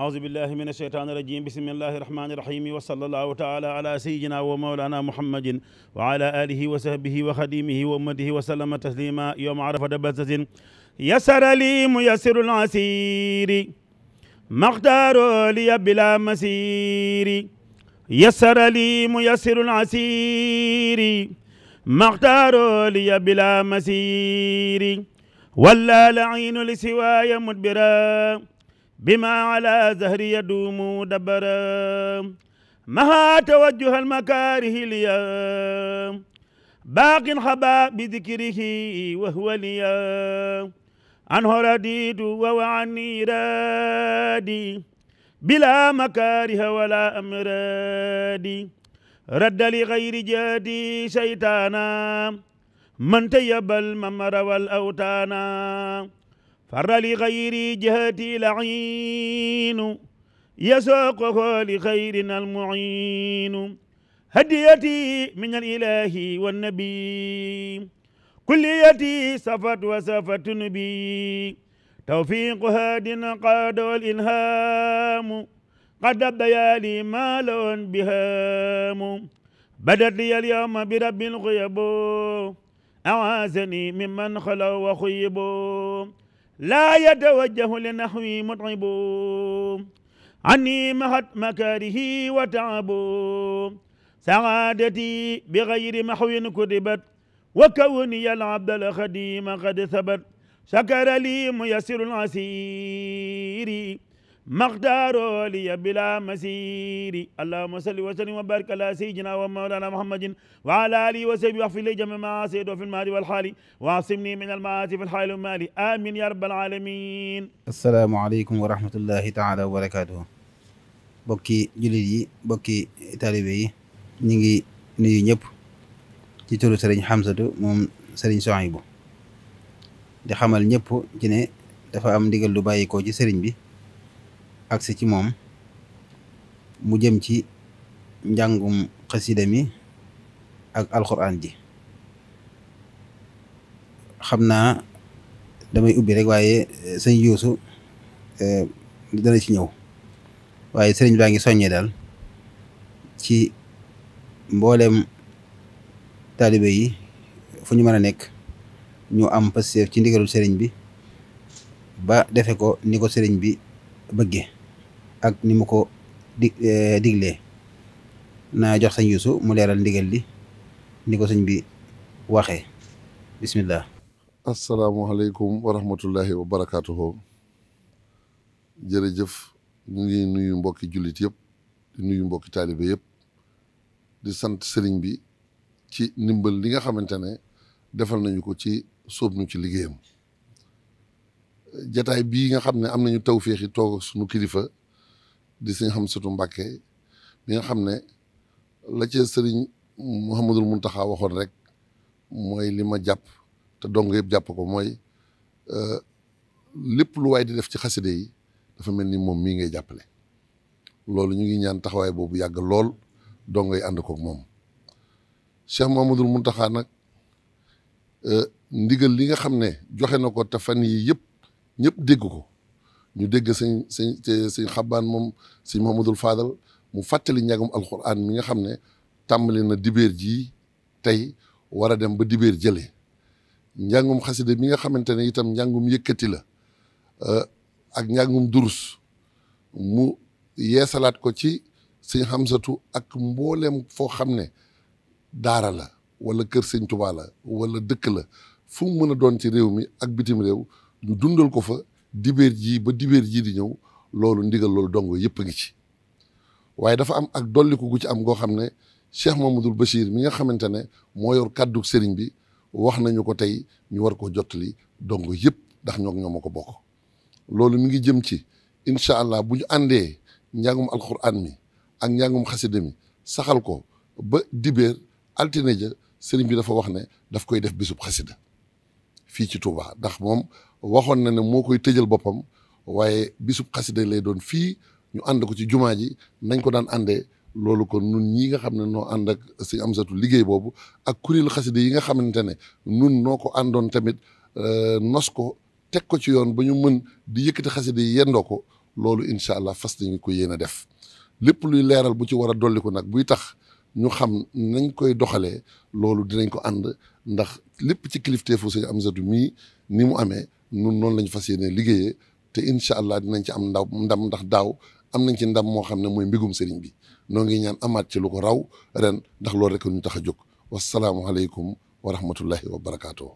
أعوذ بالله من الشيطان الرجيم بسم الله الرحمن الرحيم وصلى الله تعالى على سيدنا ومولانا محمد وعلى آله وصحبه وخديمه وأمته وسلم تسليما يوم عرفة بزز يسر لي ميسر العسير مختار لي بلا مسير يسر لي ميسر العسير مختار لي بلا مسير ولا لعين لسواي مدبرا بما على زهري يدوم دبرا مها توجه المكاره ليا باق خبا بذكره وهو ليا عنه رديد ووعني رادي بلا مكاره ولا أمرادي رد لغير جادي شيطانا من تيب الممر والأوتانا fara li xayri jihati lainu yasaqahu li xayrin almuinu hadiyati min alilahi wannabi kulliyati safat wa safatun bi tawfiqu hadin qaada walilhamu qad abdaya li ma lawan bihamu badat li alyawma bi rabbil xuyabo awasani mimman xalaw wa xuyabo لا يتوجه لنحوي مطعب عني مهت مكاره وتعب سعادتي بغير محو كتبت وكوني العبد الخديم قد ثبت شكر لي ميسر العسير مقدار لي بلا مسير اللهم صل وسلم وبارك على سيدنا ومولانا محمد وعلى اله وصحبه واغفر لي جميع المعاصي وفي الماضي والحال واعصمني من المعاصي في الحال والمال امين يا رب العالمين السلام عليكم ورحمه الله تعالى وبركاته بوكي جوليي بوكي طالبي نيغي نيو نيب ci turu sëriñ Hamsatu moom sëriñ Sohaybu di xamal ñëpp ci ne dafa am ndigal lu bàyyikoo ci sëriñ bi agsi ci moom mu jëm ci njàngum xasida mi ak alxuraan ji xam naa damay ubbi rek waaye eh, sëñ yuusu eh, dana ci ñëw waaye sëriñ baa ngi soññee daal ci mbooleem taalibe yi fu ñu mën a nekk ñu am pasteef ci ndigalul sëriñ bi ba defe ko ni ko sëriñ bi bëgge ak ni mu ko di eh, digle naa jox sëñ Yuusu mu leeral ndigal li ni ko sëñ bi waxe bismillah asalaamualeykum wa rahmatullahi wa barakaatuhu jërëjëf ñu ngi nuyu mbokki jullit yëpp di nuyu mbokki taalibe yëpp di sant sëriñ bi ci ndimbal li nga xamante ne defal nañu ko ci sóob nu ci liggéeyam jataay bii nga xam ne am nañu tawféexi toog sunu kilifa di sëñ Hamsatu Mbàkke bi nga xam ne la ca sëriñ Mouhamadul Muntaxa waxoon rek mooy li ma jàpp te dong yëpp jàpp ko mooy euh, lépp lu waay di def ci xaside yi dafa mel ni moom mii ngay jàppale loolu ñu ngi ñaan taxawaay boobu yàgg lool dong ngay ànd koog moom Cheikh Mouhamadul Muntaxa nag euh, ndigal li nga xam ne joxe na ko te fan yi yëpp ñëpp dégg ko ñu dégg sëñ sëñ sëñ xabbaan moom sëñ Mahamadul Faadal mu fàttali njàngum alxuraan mi nga xam ne tàmbali na dibeer ji tey war a dem ba dibeer jële njàngum xasida mi nga xamante ne itam njàngum yëkkati la eh, ak njàngum durus mu yeesalaat ko ci sëñ xamsatu ak mbooleem foo xam ne daara la wala kër sëñ Tuubaa la wala dëkk la fu mën a doon ci réew mi ak bitim réew ñu dundal ko fa dibéer jii ba dibéer jii di ñëw loolu ndigal loolu dongo yëpp a ngi ci waaye dafa am ak dolliku gu ci am goo xam ne Cheikh Mamadou Bachir mi nga xamante ne moo yor kàddu sëriñ bi wax nañu ko tey ñu war ko jottali dongo yëpp ndax ñoo ñoo ko bokk loolu mi ngi jëm ci incha allah bu ñu àndee njàngum alquran mi ak njàngum xasida mi saxal ko ba dibéer altine ja sëriñ bi dafa wax ne daf koy def bisub xasida fii ci Touba ndax moom waxoon na ne moo koy tëjal boppam waaye bisub xasida lay doon fii ñu ànd ko ci jumaa ji nañ ko daan àndee loolu ko nun ñi nga xam ne noo ànd ak sëñ Amsatu liggéey boobu ak kuréelu xasida yi nga xamante ne nun noo ko àndoon tamit euh, nos ko teg ko ci yoon ba ñu mën di yëkkati xasida yi yendoo ko loolu incha allah fas nañu ko yéen a def lépp luy leeral bu ci war a dolliku nag buy tax ñu xam nañ koy doxalee loolu dinañ ko ànd ndax lépp ci kilifteefu sëñ Amsatu mii ni mu amee nun noonu lañ fas yéene liggéeye te incha allah dinañ ci am ndaw ndam ndax daaw am nañ ci ndam moo xam ne mooy mbigum sëriñ bi noo ngi ñaan amaat ci lu ko raw ren ndax loolu rek ñu tax a jóg wasalaamualeykum wa rahmatullahi wa barakaatu.